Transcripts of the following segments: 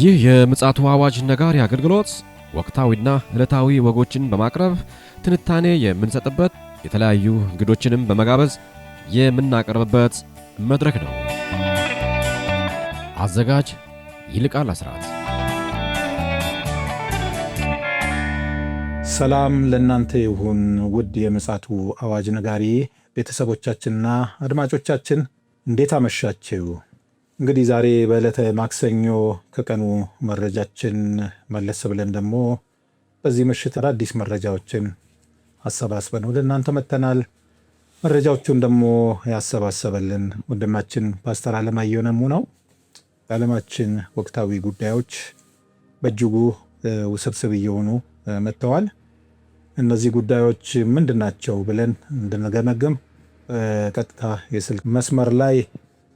ይህ የምፅዓቱ አዋጅ ነጋሪ አገልግሎት ወቅታዊና ዕለታዊ ወጎችን በማቅረብ ትንታኔ የምንሰጥበት የተለያዩ እንግዶችንም በመጋበዝ የምናቀርብበት መድረክ ነው። አዘጋጅ ይልቃል አስራት። ሰላም ለእናንተ ይሁን ውድ የምፅዓቱ አዋጅ ነጋሪ ቤተሰቦቻችንና አድማጮቻችን እንዴት አመሻችሁ? እንግዲህ ዛሬ በዕለተ ማክሰኞ ከቀኑ መረጃችን መለስ ብለን ደግሞ በዚህ ምሽት አዳዲስ መረጃዎችን አሰባስበን ወደ እናንተ መጥተናል። መረጃዎቹን ደግሞ ያሰባሰበልን ወንድማችን ፓስተር አለማየሁ ነሙ ነው። የዓለማችን ወቅታዊ ጉዳዮች በእጅጉ ውስብስብ እየሆኑ መጥተዋል። እነዚህ ጉዳዮች ምንድን ናቸው ብለን እንድንገመግም ቀጥታ የስልክ መስመር ላይ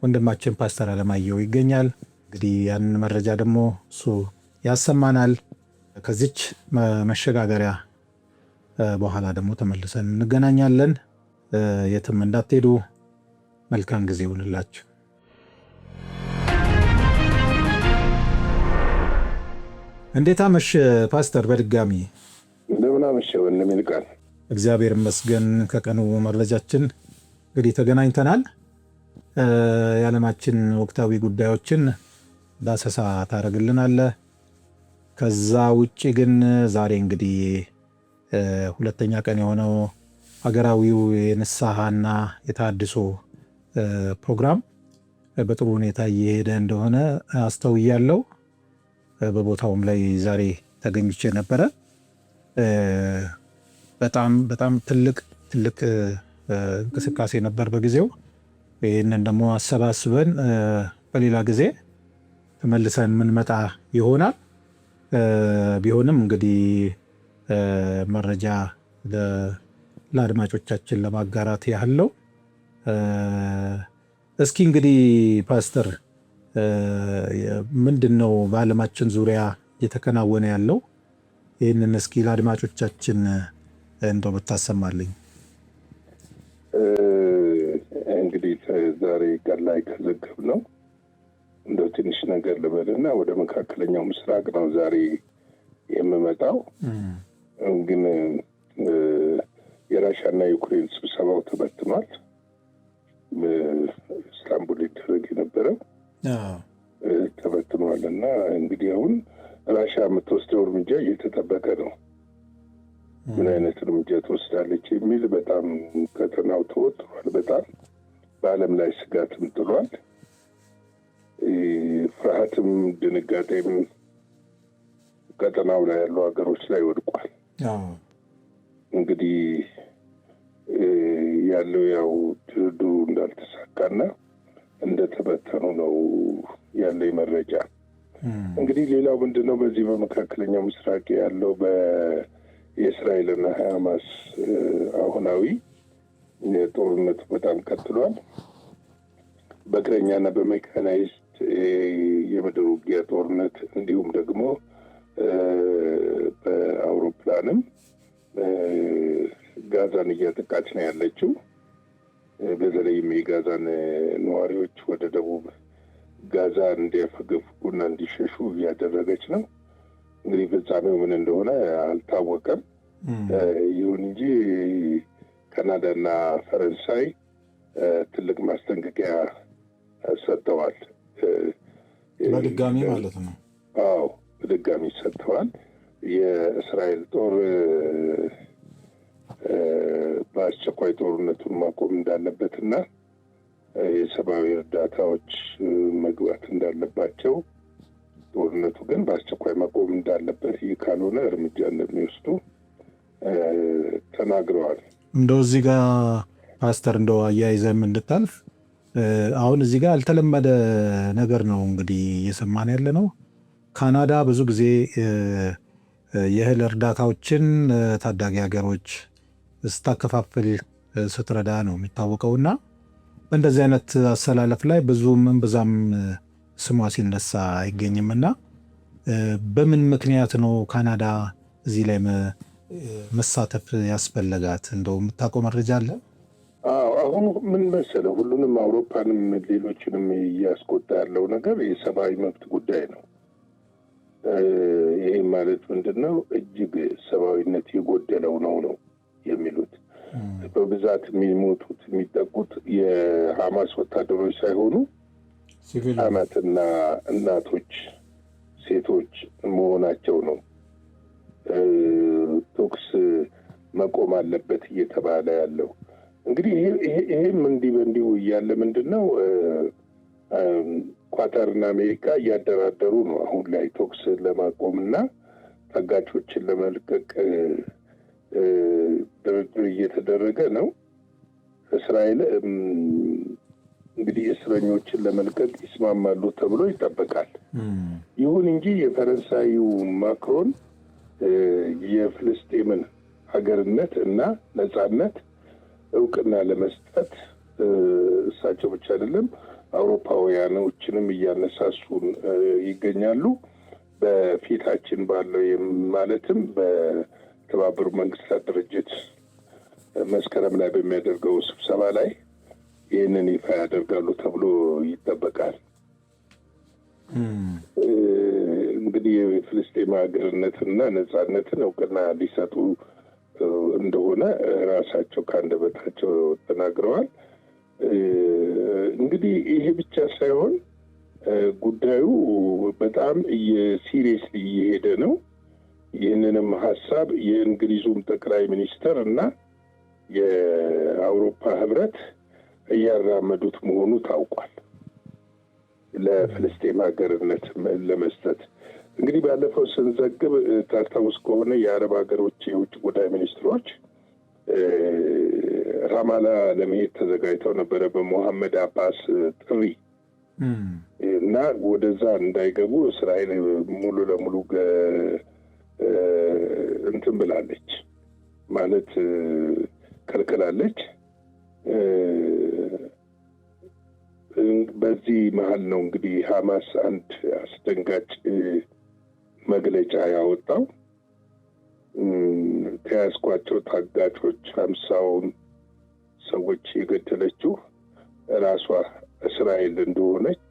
ወንድማችን ፓስተር አለማየሁ ይገኛል። እንግዲህ ያንን መረጃ ደግሞ እሱ ያሰማናል። ከዚች መሸጋገሪያ በኋላ ደግሞ ተመልሰን እንገናኛለን። የትም እንዳትሄዱ። መልካም ጊዜ ይሁንላችሁ። እንዴት አመሽ ፓስተር? በድጋሚ እንደምን አመሽ ወንድም ይልቃል። እግዚአብሔር ይመስገን። ከቀኑ መረጃችን እንግዲህ ተገናኝተናል። የዓለማችን ወቅታዊ ጉዳዮችን ዳሰሳ ታደርግልናለህ። ከዛ ውጭ ግን ዛሬ እንግዲህ ሁለተኛ ቀን የሆነው ሀገራዊው የንስሐና የታድሶ ፕሮግራም በጥሩ ሁኔታ እየሄደ እንደሆነ አስተውያለሁ። በቦታውም ላይ ዛሬ ተገኝቼ ነበረ። በጣም በጣም ትልቅ ትልቅ እንቅስቃሴ ነበር በጊዜው። ይህንን ደግሞ አሰባስበን በሌላ ጊዜ ተመልሰን የምንመጣ ይሆናል። ቢሆንም እንግዲህ መረጃ ለአድማጮቻችን ለማጋራት ያህል ነው። እስኪ እንግዲህ ፓስተር ምንድን ነው በዓለማችን ዙሪያ እየተከናወነ ያለው? ይህንን እስኪ ለአድማጮቻችን እንደው ብታሰማልኝ። ጋር ላይ ከዘገብ ነው እንደ ትንሽ ነገር ልበልና ወደ መካከለኛው ምስራቅ ነው ዛሬ የምመጣው። ግን የራሻና ዩክሬን ስብሰባው ተበትኗል። ኢስታንቡል ይደረግ የነበረው ተበትኗል እና እንግዲህ አሁን ራሻ የምትወስደው እርምጃ እየተጠበቀ ነው። ምን አይነት እርምጃ ትወስዳለች የሚል በጣም ከተናው ተወጥሯል በጣም በዓለም ላይ ስጋትም ጥሏል። ፍርሃትም ድንጋጤም ቀጠናው ላይ ያሉ ሀገሮች ላይ ወድቋል። እንግዲህ ያለው ያው ድርድሩ እንዳልተሳካና እንደተበተኑ ነው ያለኝ መረጃ። እንግዲህ ሌላው ምንድን ነው በዚህ በመካከለኛው ምስራቅ ያለው የእስራኤልና ሀማስ አሁናዊ ጦርነቱ በጣም ቀጥሏል። በእግረኛና በሜካናይዝድ የምድር ውጊያ ጦርነት እንዲሁም ደግሞ በአውሮፕላንም ጋዛን እያጠቃች ነው ያለችው። በተለይም የጋዛን ነዋሪዎች ወደ ደቡብ ጋዛ እንዲያፈገፍጉና እንዲሸሹ እያደረገች ነው። እንግዲህ ፍጻሜው ምን እንደሆነ አልታወቀም። ይሁን እንጂ ካናዳ እና ፈረንሳይ ትልቅ ማስጠንቀቂያ ሰጥተዋል። በድጋሚ ማለት ነው። አዎ በድጋሚ ሰጥተዋል። የእስራኤል ጦር በአስቸኳይ ጦርነቱን ማቆም እንዳለበትና የሰብአዊ እርዳታዎች መግባት እንዳለባቸው፣ ጦርነቱ ግን በአስቸኳይ መቆም እንዳለበት፣ ይህ ካልሆነ እርምጃ እንደሚወስዱ ተናግረዋል። እንደው እዚህ ጋር ፓስተር እንደው አያይዘም እንድታልፍ አሁን እዚህ ጋር ያልተለመደ ነገር ነው እንግዲህ እየሰማን ያለ ነው። ካናዳ ብዙ ጊዜ የእህል እርዳታዎችን ታዳጊ ሀገሮች ስታከፋፍል ስትረዳ ነው የሚታወቀው እና በእንደዚህ አይነት አሰላለፍ ላይ ብዙም እምብዛም ስሟ ሲነሳ አይገኝም እና በምን ምክንያት ነው ካናዳ እዚህ ላይ መሳተፍ ያስፈለጋት እንደው የምታውቀው መረጃ አለ? አሁን ምን መሰለ፣ ሁሉንም አውሮፓንም ሌሎችንም እያስቆጣ ያለው ነገር የሰብአዊ መብት ጉዳይ ነው። ይሄ ማለት ምንድን ነው? እጅግ ሰብአዊነት የጎደለው ነው ነው የሚሉት በብዛት የሚሞቱት የሚጠቁት የሐማስ ወታደሮች ሳይሆኑ አናትና እናቶች፣ ሴቶች መሆናቸው ነው። ቶክስ መቆም አለበት እየተባለ ያለው እንግዲህ ይህም እንዲህ በእንዲሁ እያለ ምንድን ነው ኳታርና አሜሪካ እያደራደሩ ነው አሁን ላይ ቶክስ ለማቆም እና ታጋቾችን ለመልቀቅ ድርድር እየተደረገ ነው። እስራኤል እንግዲህ እስረኞችን ለመልቀቅ ይስማማሉ ተብሎ ይጠበቃል። ይሁን እንጂ የፈረንሳዩ ማክሮን የፍልስጤምን ሀገርነት እና ነጻነት እውቅና ለመስጠት እሳቸው ብቻ አይደለም አውሮፓውያኖችንም እያነሳሱን ይገኛሉ። በፊታችን ባለው ማለትም በተባበሩ መንግስታት ድርጅት መስከረም ላይ በሚያደርገው ስብሰባ ላይ ይህንን ይፋ ያደርጋሉ ተብሎ ይጠበቃል። እንግዲህ የፍልስጤም ሀገርነትና ነጻነትን እውቅና ሊሰጡ እንደሆነ ራሳቸው ከአንደበታቸው ተናግረዋል። እንግዲህ ይሄ ብቻ ሳይሆን ጉዳዩ በጣም ሲሪየስሊ እየሄደ ነው። ይህንንም ሀሳብ የእንግሊዙም ጠቅላይ ሚኒስትር እና የአውሮፓ ህብረት እያራመዱት መሆኑ ታውቋል። ለፍልስጤም ሀገርነት ለመስጠት እንግዲህ ባለፈው ስንዘግብ ታስታውስ ከሆነ የአረብ ሀገሮች የውጭ ጉዳይ ሚኒስትሮች ራማላ ለመሄድ ተዘጋጅተው ነበረ በሞሐመድ አባስ ጥሪ እና ወደዛ እንዳይገቡ እስራኤል ሙሉ ለሙሉ እንትን ብላለች ማለት ከልክላለች። ብርሃን ነው እንግዲህ ሀማስ አንድ አስደንጋጭ መግለጫ ያወጣው ከያዝኳቸው ታጋቾች ሀምሳውን ሰዎች የገደለችው ራሷ እስራኤል እንደሆነች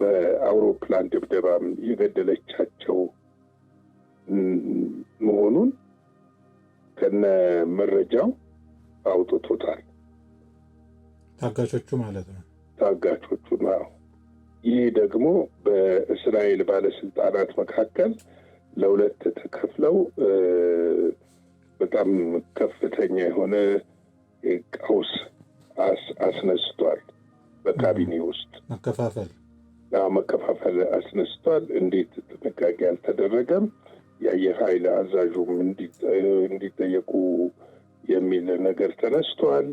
በአውሮፕላን ድብደባም የገደለቻቸው መሆኑን ከነ መረጃው አውጥቶታል። ታጋቾቹ ማለት ነው። ታጋቾቹ ነው። ይህ ደግሞ በእስራኤል ባለስልጣናት መካከል ለሁለት ተከፍለው በጣም ከፍተኛ የሆነ ቀውስ አስነስቷል። በካቢኔ ውስጥ መከፋፈል መከፋፈል አስነስቷል። እንዴት ጥንቃቄ አልተደረገም? የአየር ኃይል አዛዡም እንዲጠየቁ የሚል ነገር ተነስቷል።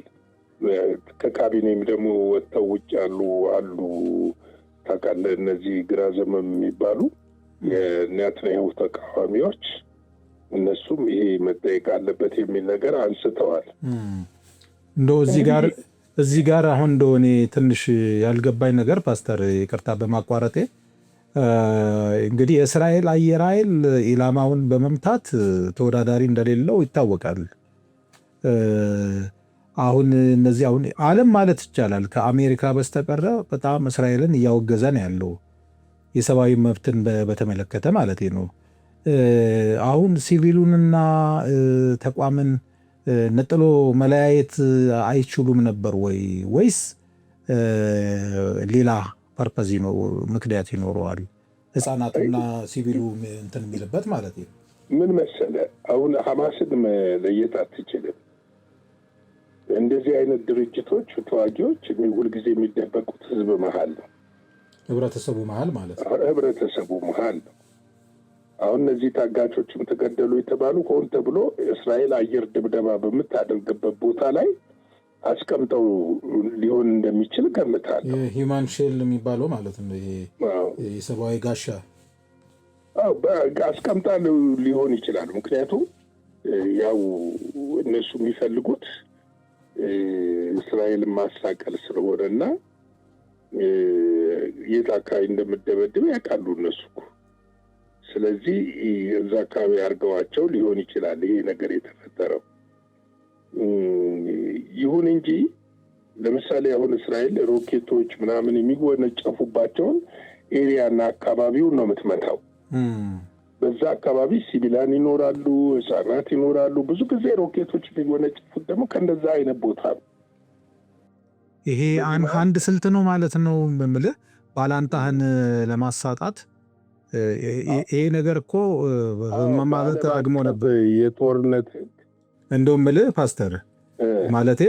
ከካቢኔም ደግሞ ወጥተው ውጭ ያሉ አሉ። ታውቃለህ፣ እነዚህ ግራ ዘመም የሚባሉ የናትናኤል ተቃዋሚዎች እነሱም ይሄ መጠየቅ አለበት የሚል ነገር አንስተዋል። እንደው እዚህ ጋር እዚህ ጋር አሁን እንደው እኔ ትንሽ ያልገባኝ ነገር ፓስተር፣ ይቅርታ በማቋረጤ እንግዲህ የእስራኤል አየር ኃይል ኢላማውን በመምታት ተወዳዳሪ እንደሌለው ይታወቃል። አሁን እነዚህ አሁን ዓለም ማለት ይቻላል ከአሜሪካ በስተቀረ በጣም እስራኤልን እያወገዘ ነው ያለው የሰብአዊ መብትን በተመለከተ ማለት ነው። አሁን ሲቪሉንና ተቋምን ነጥሎ መለያየት አይችሉም ነበር ወይ? ወይስ ሌላ ፐርፐዝ ምክንያት ይኖረዋል? ህፃናትና ሲቪሉ እንትን የሚልበት ማለት ነው። ምን መሰለ አሁን ሀማስን መለየት አትችልም። እንደዚህ አይነት ድርጅቶች ተዋጊዎች ሁልጊዜ የሚደበቁት ህዝብ መሀል ነው፣ ህብረተሰቡ መሀል ማለት ነው፣ ህብረተሰቡ መሀል ነው። አሁን እነዚህ ታጋቾችም ተገደሉ የተባሉ ሆን ተብሎ እስራኤል አየር ድብደባ በምታደርግበት ቦታ ላይ አስቀምጠው ሊሆን እንደሚችል ገምታለሁ። ሂውማን ሼል የሚባለው ማለት ነው፣ የሰብአዊ ጋሻ አስቀምጣ ሊሆን ይችላል። ምክንያቱም ያው እነሱ የሚፈልጉት እስራኤልን ማሳቀል ስለሆነ እና የት አካባቢ እንደምደበድበ ያውቃሉ እነሱ። ስለዚህ እዛ አካባቢ አድርገዋቸው ሊሆን ይችላል ይሄ ነገር የተፈጠረው። ይሁን እንጂ ለምሳሌ አሁን እስራኤል ሮኬቶች ምናምን የሚወነጨፉባቸውን ኤሪያና አካባቢውን ነው የምትመታው። በዛ አካባቢ ሲቪላን ይኖራሉ፣ ህጻናት ይኖራሉ። ብዙ ጊዜ ሮኬቶች የሚወነጭፉት ደግሞ ከእንደዛ አይነት ቦታ ነው። ይሄ አንድ ስልት ነው ማለት ነው የምልህ ባላንጣህን ለማሳጣት ይሄ ነገር እኮ ማለት አግሞ ነበር የጦርነት እንደው ምልህ ፓስተር ማለቴ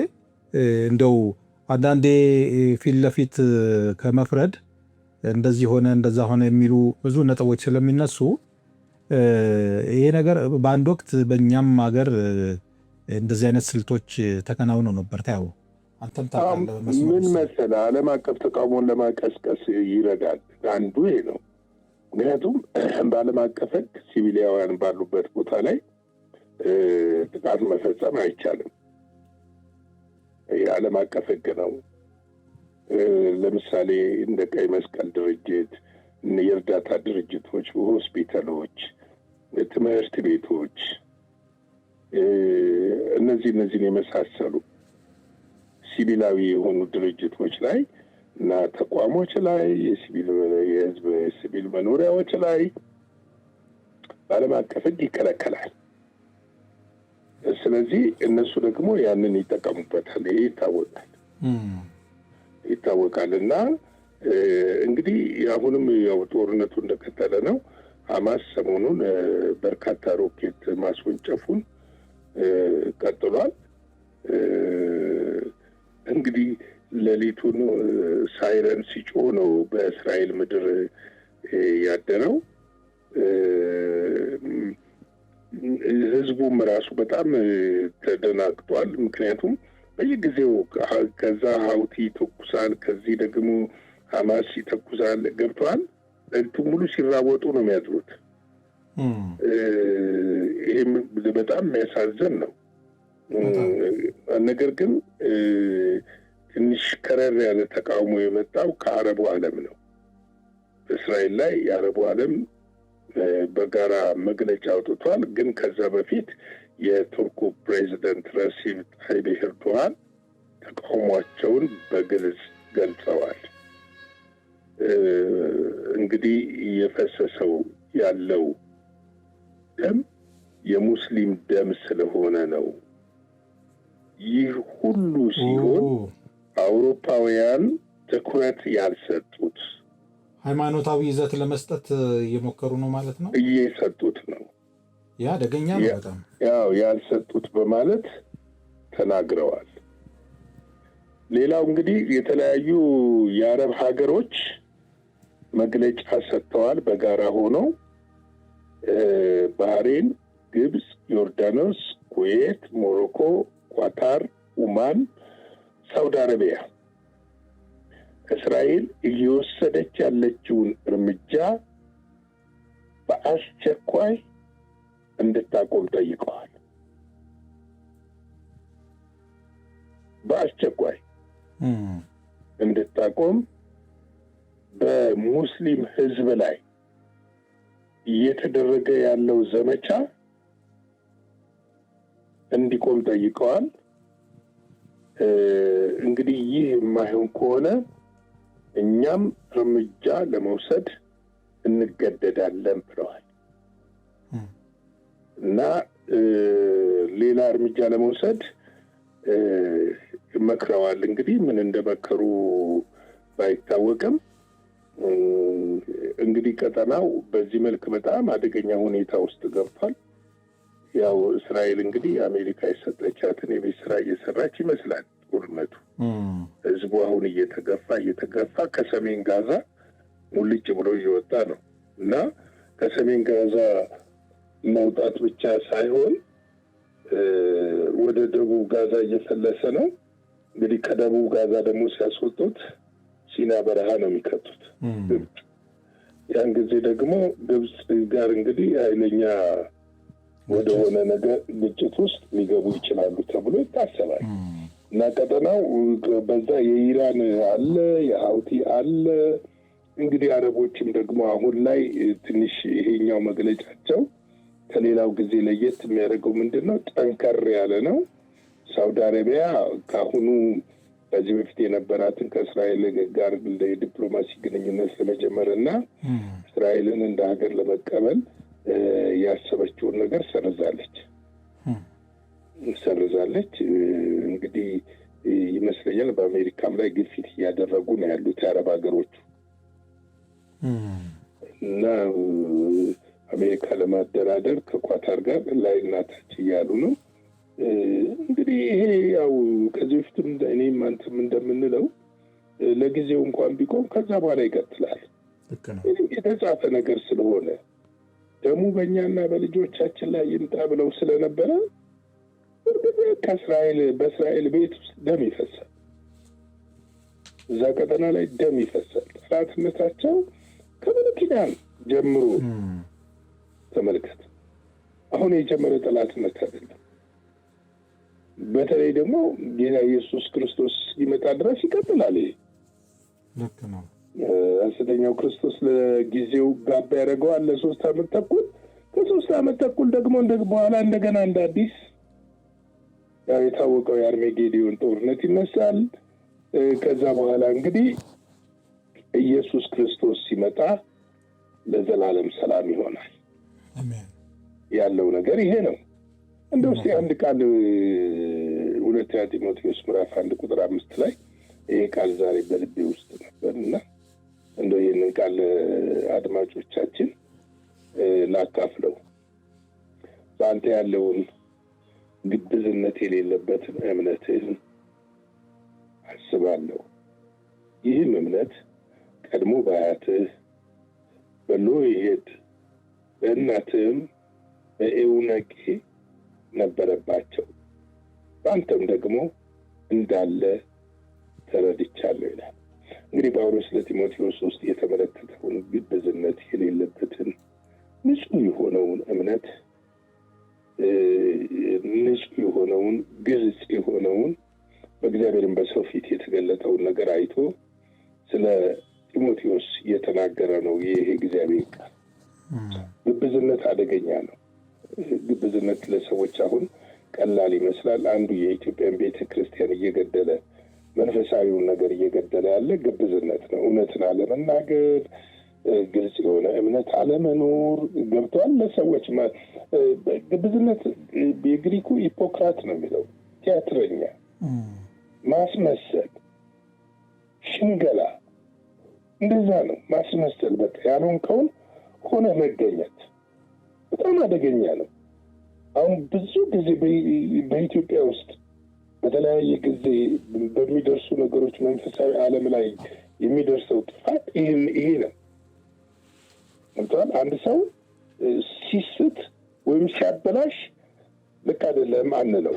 እንደው አንዳንዴ ፊት ለፊት ከመፍረድ እንደዚህ ሆነ እንደዛ ሆነ የሚሉ ብዙ ነጥቦች ስለሚነሱ ይሄ ነገር በአንድ ወቅት በእኛም ሀገር እንደዚህ አይነት ስልቶች ተከናውነው ነበር። ታያው አንተም ምን መሰለህ፣ ዓለም አቀፍ ተቃውሞን ለማቀስቀስ ይረዳል። አንዱ ይሄ ነው። ምክንያቱም በዓለም አቀፍ ሕግ ሲቪሊያውያን ባሉበት ቦታ ላይ ጥቃት መፈጸም አይቻልም። የዓለም አቀፍ ሕግ ነው። ለምሳሌ እንደ ቀይ መስቀል ድርጅት የእርዳታ ድርጅቶች፣ ሆስፒታሎች፣ ትምህርት ቤቶች እነዚህ እነዚህን የመሳሰሉ ሲቪላዊ የሆኑ ድርጅቶች ላይ እና ተቋሞች ላይ የህዝብ ሲቪል መኖሪያዎች ላይ በዓለም አቀፍ ህግ ይከለከላል። ስለዚህ እነሱ ደግሞ ያንን ይጠቀሙበታል። ይሄ ይታወቃል ይታወቃል እና እንግዲህ አሁንም ያው ጦርነቱ እንደቀጠለ ነው። ሀማስ ሰሞኑን በርካታ ሮኬት ማስወንጨፉን ቀጥሏል። እንግዲህ ሌሊቱን ሳይረን ሲጮህ ነው በእስራኤል ምድር ያደረው። ህዝቡም ራሱ በጣም ተደናግጧል። ምክንያቱም በየጊዜው ከዛ ሀውቲ ትኩሳን ከዚህ ደግሞ ሀማስ ይተኩሳል ገብተዋል። ሌሊቱን ሙሉ ሲራወጡ ነው የሚያድሩት። ይህም በጣም የሚያሳዝን ነው። ነገር ግን ትንሽ ከረር ያለ ተቃውሞ የመጣው ከአረቡ ዓለም ነው። በእስራኤል ላይ የአረቡ ዓለም በጋራ መግለጫ አውጥቷል። ግን ከዛ በፊት የቱርኩ ፕሬዚደንት ረሲብ ጣይብ ኤርዶሃን ተቃውሟቸውን በግልጽ ገልጸዋል። እንግዲህ እየፈሰሰው ያለው ደም የሙስሊም ደም ስለሆነ ነው። ይህ ሁሉ ሲሆን አውሮፓውያን ትኩረት ያልሰጡት ሃይማኖታዊ ይዘት ለመስጠት እየሞከሩ ነው ማለት ነው። እየሰጡት ነው። ያ አደገኛ ነው በጣም ያው ያልሰጡት በማለት ተናግረዋል። ሌላው እንግዲህ የተለያዩ የአረብ ሀገሮች መግለጫ ሰጥተዋል። በጋራ ሆነው ባህሬን፣ ግብፅ፣ ዮርዳኖስ፣ ኩዌት፣ ሞሮኮ፣ ኳታር፣ ኡማን፣ ሳውዲ አረቢያ እስራኤል እየወሰደች ያለችውን እርምጃ በአስቸኳይ እንድታቆም ጠይቀዋል። በአስቸኳይ እንድታቆም በሙስሊም ህዝብ ላይ እየተደረገ ያለው ዘመቻ እንዲቆም ጠይቀዋል። እንግዲህ ይህ የማይሆን ከሆነ እኛም እርምጃ ለመውሰድ እንገደዳለን ብለዋል እና ሌላ እርምጃ ለመውሰድ መክረዋል። እንግዲህ ምን እንደመከሩ ባይታወቅም እንግዲህ ቀጠናው በዚህ መልክ በጣም አደገኛ ሁኔታ ውስጥ ገብቷል። ያው እስራኤል እንግዲህ አሜሪካ የሰጠቻትን የቤት ስራ እየሰራች ይመስላል። ጦርነቱ ህዝቡ አሁን እየተገፋ እየተገፋ ከሰሜን ጋዛ ሙልጭ ብሎ እየወጣ ነው እና ከሰሜን ጋዛ መውጣት ብቻ ሳይሆን ወደ ደቡብ ጋዛ እየፈለሰ ነው። እንግዲህ ከደቡብ ጋዛ ደግሞ ሲያስወጡት ሲና በረሃ ነው የሚከቱት ግብፅ። ያን ጊዜ ደግሞ ግብፅ ጋር እንግዲህ ኃይለኛ ወደሆነ ነገር ግጭት ውስጥ ሊገቡ ይችላሉ ተብሎ ይታሰባል እና ቀጠናው በዛ የኢራን አለ፣ የሀውቲ አለ። እንግዲህ አረቦችም ደግሞ አሁን ላይ ትንሽ ይሄኛው መግለጫቸው ከሌላው ጊዜ ለየት የሚያደርገው ምንድን ነው? ጠንከር ያለ ነው። ሳውዲ አረቢያ ከአሁኑ ከዚህ በፊት የነበራትን ከእስራኤል ጋር የዲፕሎማሲ ግንኙነት ለመጀመር እና እስራኤልን እንደ ሀገር ለመቀበል ያሰበችውን ነገር ሰርዛለች ሰርዛለች። እንግዲህ ይመስለኛል በአሜሪካም ላይ ግፊት እያደረጉ ነው ያሉት የአረብ ሀገሮቹ እና አሜሪካ ለማደራደር ከኳታር ጋር ላይ እናታች እያሉ ነው እንግዲህ ይሄ ያው ከዚህ በፊትም እኔም አንተም እንደምንለው ለጊዜው እንኳን ቢቆም ከዛ በኋላ ይቀጥላል። የተጻፈ ነገር ስለሆነ ደሙ በእኛና በልጆቻችን ላይ ይምጣ ብለው ስለነበረ ከእስራኤል በእስራኤል ቤት ውስጥ ደም ይፈሳል። እዛ ቀጠና ላይ ደም ይፈሳል። ጠላትነታቸው ከብሉይ ኪዳን ጀምሮ ተመልከት። አሁን የጀመረ ጠላትነት አይደለም። በተለይ ደግሞ ጌታ ኢየሱስ ክርስቶስ ሲመጣ ድረስ ይቀጥላል። ልክ ነው። ክርስቶስ ለጊዜው ጋባ ያደረገዋል ለሶስት ዓመት ተኩል። ከሶስት ዓመት ተኩል ደግሞ በኋላ እንደገና እንደ አዲስ ያው የታወቀው የአርሜጌዲዮን ጦርነት ይነሳል። ከዛ በኋላ እንግዲህ ኢየሱስ ክርስቶስ ሲመጣ ለዘላለም ሰላም ይሆናል። ያለው ነገር ይሄ ነው። እንደ ውስ አንድ ቃል ሁለተኛ ጢሞቴዎስ ምዕራፍ አንድ ቁጥር አምስት ላይ ይሄ ቃል ዛሬ በልቤ ውስጥ ነበር እና እንደ ይህንን ቃል አድማጮቻችን ላካፍለው በአንተ ያለውን ግብዝነት የሌለበትን እምነትህን አስባለሁ። ይህም እምነት ቀድሞ በአያትህ ይሄድ በእናትህም በኤውነቄ ነበረባቸው። በአንተም ደግሞ እንዳለ ተረድቻለሁ ይላል። እንግዲህ ጳውሎስ ለጢሞቴዎስ ውስጥ የተመለከተውን ግብዝነት የሌለበትን ንጹህ የሆነውን እምነት ንጹህ የሆነውን ግልጽ የሆነውን በእግዚአብሔርን በሰው ፊት የተገለጠውን ነገር አይቶ ስለ ጢሞቴዎስ እየተናገረ ነው። ይህ እግዚአብሔር ቃል ግብዝነት አደገኛ ነው። ግብዝነት ለሰዎች አሁን ቀላል ይመስላል። አንዱ የኢትዮጵያን ቤተ ክርስቲያን እየገደለ መንፈሳዊውን ነገር እየገደለ ያለ ግብዝነት ነው። እውነትን አለመናገር፣ ግልጽ የሆነ እምነት አለመኖር ገብተዋል። ለሰዎች ግብዝነት የግሪኩ ሂፖክራት ነው የሚለው ቲያትረኛ፣ ማስመሰል፣ ሽንገላ እንደዛ ነው። ማስመሰል በቃ ያልሆንከውን ሆነ መገኘት በጣም አደገኛ ነው። አሁን ብዙ ጊዜ በኢትዮጵያ ውስጥ በተለያየ ጊዜ በሚደርሱ ነገሮች መንፈሳዊ ዓለም ላይ የሚደርሰው ጥፋት ይሄ ነው። ምቷል አንድ ሰው ሲስት ወይም ሲያበላሽ ልክ አይደለም አንለው።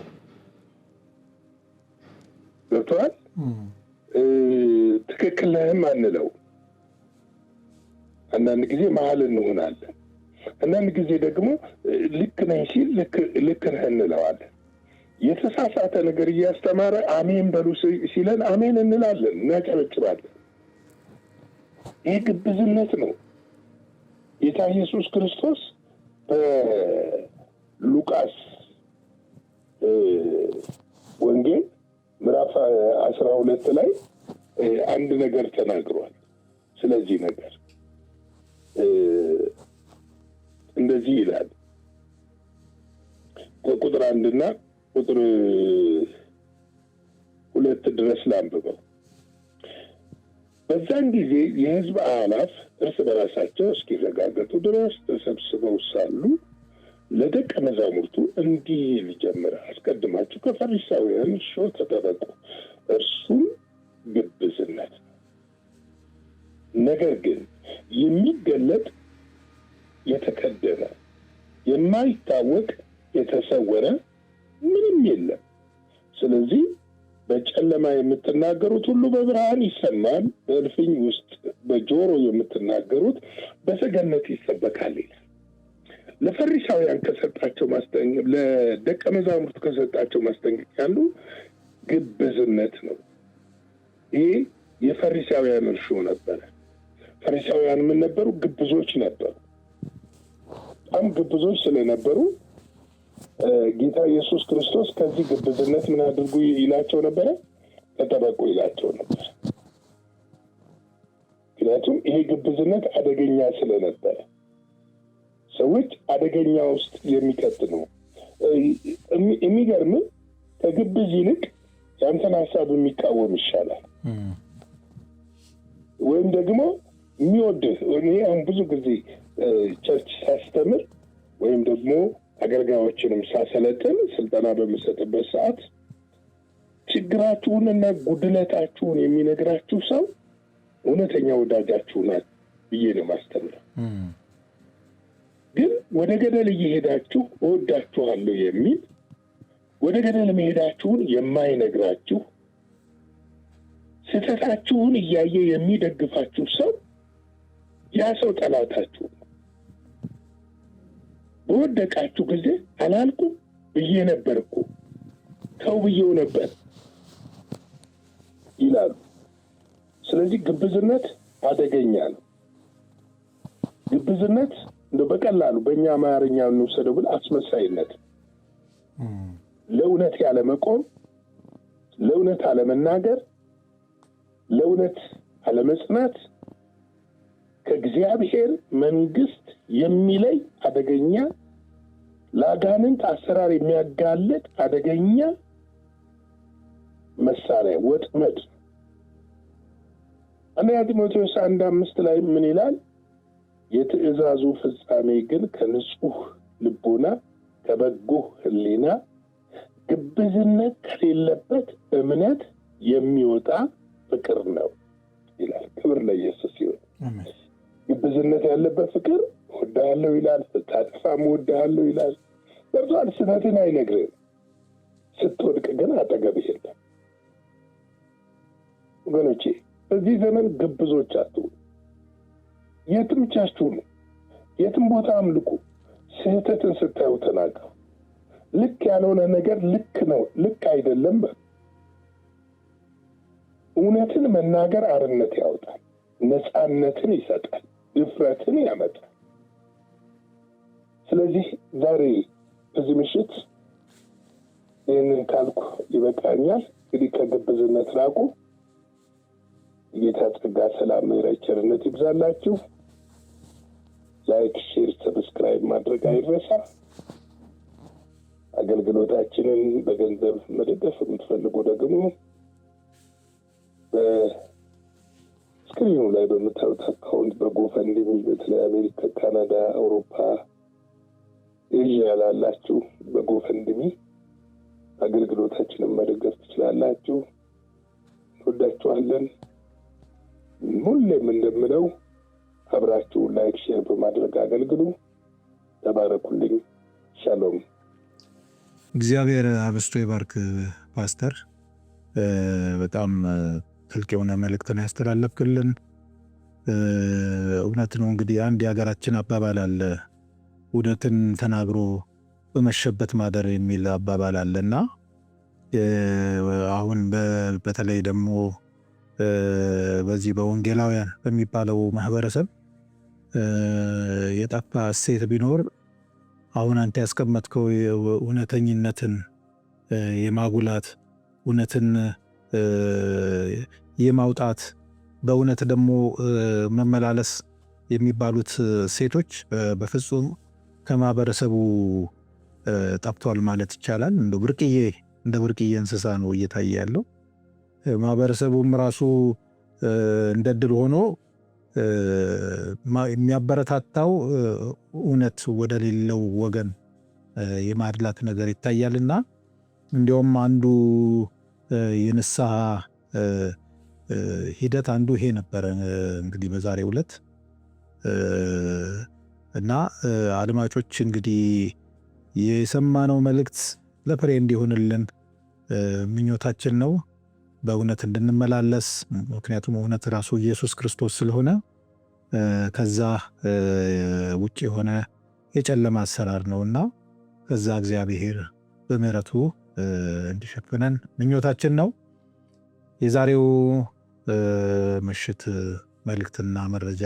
ገብተዋል ትክክል ነህም አንለው። አንዳንድ ጊዜ መሀል እንሆናለን። አንዳንድ ጊዜ ደግሞ ልክ ነኝ ሲል ልክ ነህ እንለዋለን። የተሳሳተ ነገር እያስተማረ አሜን በሉ ሲለን አሜን እንላለን፣ እናጨበጭባለን። ይህ ግብዝነት ነው። ጌታ ኢየሱስ ክርስቶስ በሉቃስ ወንጌል ምዕራፍ አስራ ሁለት ላይ አንድ ነገር ተናግሯል። ስለዚህ ነገር እንደዚህ ይላል ከቁጥር አንድና ቁጥር ሁለት ድረስ ላንብበው። በዛን ጊዜ የህዝብ አላፍ እርስ በራሳቸው እስኪረጋገጡ ድረስ ተሰብስበው ሳሉ ለደቀ መዛሙርቱ እንዲህ ይል አስቀድማችሁ ከፈሪሳውያን እርሾ ተጠበቁ፣ እርሱም ግብዝነት ነገር ግን የሚገለጥ የማይታወቅ የተሰወረ ምንም የለም። ስለዚህ በጨለማ የምትናገሩት ሁሉ በብርሃን ይሰማል፣ በእልፍኝ ውስጥ በጆሮ የምትናገሩት በሰገነት ይሰበካል ይላል። ለፈሪሳውያን ከሰጣቸው ማስጠንቀ ለደቀ መዛሙርት ከሰጣቸው ማስጠንቀቂያ ያሉ ግብዝነት ነው። ይህ የፈሪሳውያን እርሾ ነበረ። ፈሪሳውያን ምን ነበሩ? ግብዞች ነበሩ። በጣም ግብዞች ስለነበሩ ጌታ ኢየሱስ ክርስቶስ ከዚህ ግብዝነት ምን አድርጉ ይላቸው ነበረ? ተጠበቁ ይላቸው ነበር። ምክንያቱም ይሄ ግብዝነት አደገኛ ስለነበረ ሰዎች አደገኛ ውስጥ ነው የሚገርም ከግብዝ ይልቅ ያንተን ሀሳብ የሚቃወም ይሻላል። ወይም ደግሞ የሚወድህ አሁን ብዙ ጊዜ ቸርች ሳስተምር ወይም ደግሞ አገልጋዮችንም ሳሰለጥን ስልጠና በምሰጥበት ሰዓት ችግራችሁንና ጉድለታችሁን የሚነግራችሁ ሰው እውነተኛ ወዳጃችሁ ናት ብዬ ነው ማስተምረው። ግን ወደ ገደል እየሄዳችሁ እወዳችኋለሁ የሚል ወደ ገደል መሄዳችሁን የማይነግራችሁ ስህተታችሁን እያየ የሚደግፋችሁ ሰው ያ ሰው ጠላታችሁ በወደቃችሁ ጊዜ አላልኩ ብዬ ነበርኩ ተው ብዬው ነበር ይላሉ። ስለዚህ ግብዝነት አደገኛ ነው። ግብዝነት እንደ በቀላሉ በእኛ አማርኛ እንውሰደው ብል አስመሳይነት፣ ለእውነት ያለመቆም፣ ለእውነት አለመናገር፣ ለእውነት አለመጽናት ከእግዚአብሔር መንግስት የሚለይ አደገኛ፣ ለአጋንንት አሰራር የሚያጋለጥ አደገኛ መሳሪያ ወጥመድ። አንደኛ ጢሞቴዎስ አንድ አምስት ላይ ምን ይላል? የትእዛዙ ፍጻሜ ግን ከንጹህ ልቦና ከበጎ ህሊና ግብዝነት ከሌለበት እምነት የሚወጣ ፍቅር ነው ይላል። ክብር ለኢየሱስ ይሁን። ወዳጅነት ያለበት ፍቅር ወዳለው ይላል፣ ስታጠፋም ወዳለው ይላል። ገብቷል። ስህተትን አይነግርም ስትወድቅ ግን አጠገብህ የለም። ወገኖቼ በዚህ ዘመን ግብዞች አትሁኑ። የትም ቻችሁ ነው፣ የትም ቦታ አምልኩ። ስህተትን ስታዩ ተናገሩ። ልክ ያልሆነ ነገር ልክ ነው፣ ልክ አይደለም። እውነትን መናገር አርነት ያወጣል፣ ነፃነትን ይሰጣል። ድፍረትን ያመጣል። ስለዚህ ዛሬ በዚህ ምሽት ይህንን ካልኩ ይበቃኛል። እንግዲህ ከግብዝነት ራቁ። ጌታ ጸጋ፣ ሰላም፣ ምሕረት፣ ቸርነት ይብዛላችሁ። ላይክ፣ ሼር፣ ሰብስክራይብ ማድረግ አይረሳ። አገልግሎታችንን በገንዘብ መደገፍ የምትፈልጉ ደግሞ ስክሪኑ ላይ በምታዩት አካውንት በጎፈንድ በተለይ አሜሪካ፣ ካናዳ፣ አውሮፓ፣ ኤዥያ ላላችሁ በጎፈንድሚ አገልግሎታችንን መደገፍ ትችላላችሁ። እንወዳችኋለን። ሁሌም እንደምለው አብራችሁ ላይክ፣ ሼር በማድረግ አገልግሉ። ተባረኩልኝ። ሻሎም። እግዚአብሔር አብስቶ የባርክ ፓስተር በጣም ጥልቅ የሆነ መልእክትን ያስተላለፍክልን እውነት ነው። እንግዲህ አንድ የሀገራችን አባባል አለ፣ እውነትን ተናግሮ በመሸበት ማደር የሚል አባባል አለና አሁን በተለይ ደግሞ በዚህ በወንጌላውያን በሚባለው ማህበረሰብ የጠፋ እሴት ቢኖር አሁን አንተ ያስቀመጥከው እውነተኝነትን የማጉላት እውነትን የማውጣት በእውነት ደግሞ መመላለስ የሚባሉት ሴቶች በፍጹም ከማህበረሰቡ ጠፍቷል ማለት ይቻላል። እንደ ብርቅዬ እንደ ብርቅዬ እንስሳ ነው እየታየ ያለው። ማህበረሰቡም ራሱ እንደ ድል ሆኖ የሚያበረታታው እውነት ወደ ሌለው ወገን የማድላት ነገር ይታያልና እንዲሁም አንዱ የንስሐ ሂደት አንዱ ይሄ ነበረ። እንግዲህ በዛሬው ዕለት እና አድማጮች እንግዲህ የሰማነው መልእክት ለፍሬ እንዲሆንልን ምኞታችን ነው። በእውነት እንድንመላለስ ምክንያቱም እውነት ራሱ ኢየሱስ ክርስቶስ ስለሆነ ከዛ ውጭ የሆነ የጨለማ አሰራር እና ከዛ እግዚአብሔር በምሕረቱ እንዲሸፍነን ምኞታችን ነው። የዛሬው ምሽት መልእክትና መረጃ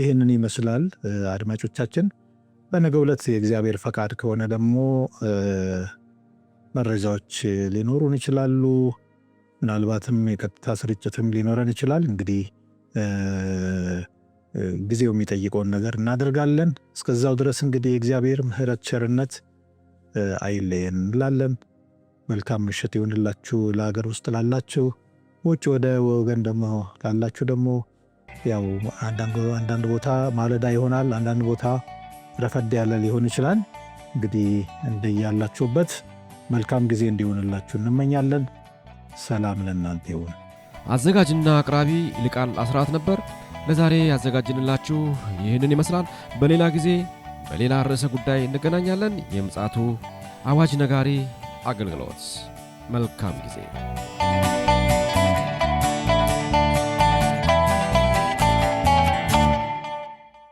ይህንን ይመስላል። አድማጮቻችን በነገ ዕለት የእግዚአብሔር ፈቃድ ከሆነ ደግሞ መረጃዎች ሊኖሩን ይችላሉ። ምናልባትም የቀጥታ ስርጭትም ሊኖረን ይችላል። እንግዲህ ጊዜው የሚጠይቀውን ነገር እናደርጋለን። እስከዛው ድረስ እንግዲህ የእግዚአብሔር ምሕረት ቸርነት አይለየን እንላለን። መልካም ምሽት ይሁንላችሁ። ለሀገር ውስጥ ላላችሁ ውጭ ወደ ወገን ደሞ ላላችሁ ደግሞ ያው አንዳንድ ቦታ ማለዳ ይሆናል፣ አንዳንድ ቦታ ረፈድ ያለ ሊሆን ይችላል። እንግዲህ እንደያላችሁበት መልካም ጊዜ እንዲሆንላችሁ እንመኛለን። ሰላም ለእናንተ ይሁን። አዘጋጅና አቅራቢ ይልቃል አስራት ነበር። ለዛሬ ያዘጋጅንላችሁ ይህንን ይመስላል። በሌላ ጊዜ በሌላ ርዕሰ ጉዳይ እንገናኛለን። የምፅዓቱ አዋጅ ነጋሪ አገልግሎት መልካም ጊዜ